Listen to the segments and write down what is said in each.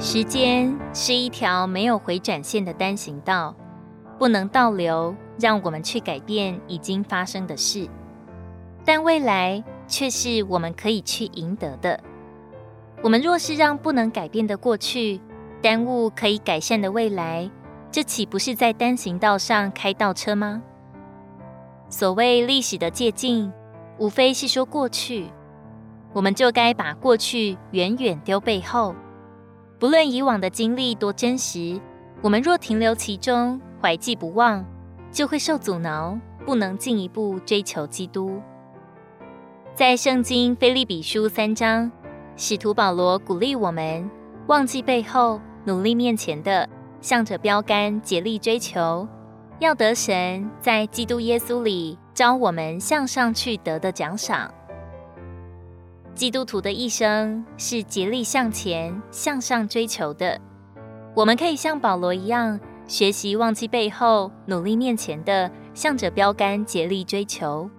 時間是一條沒有回轉線的單行道，不能倒流，讓我們去改變已經發生的事。但未來卻是我們可以去贏得的。我們若是讓不能改變的過去，耽誤可以改善的未來，這豈不是在單行道上開倒車嗎？所謂歷史的借鑑，無非是說過去，我們就該把過去遠遠丟背後。不論以往的經歷多真實，我們若停留其中、懷記不忘，就會受阻撓，不能進一步追求基督。在聖經《腓立比書》三章，使徒保羅鼓勵我們，忘記背後，努力面前的，向着標竿竭力追求，要得神在基督耶穌裡召我們向上去得的獎賞。基督徒的一生是竭力向前、向上追求的。我們可以像保羅一樣，學習忘記背後、努力面前的，向着標杆竭，竭力追求。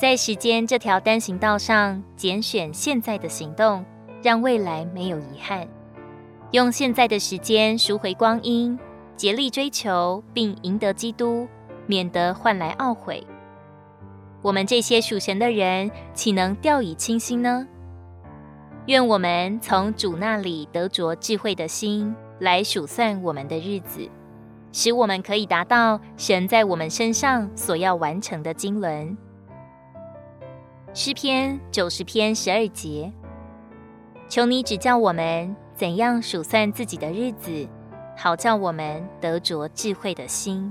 在時間這條單行道上，揀選現在的行動，讓未來沒有遺憾。用現在的時間贖回光陰，竭力追求並贏得基督，免得換來懊悔。我們這些屬神的人，豈能掉以輕心呢？願我們從主那裡得着智慧的心，來數算我們的日子，使我們可以達到神在我們身上所要完成的經綸。詩篇九十篇十二節，求你指教我們怎樣數算自己的日子，好叫我們得着智慧的心。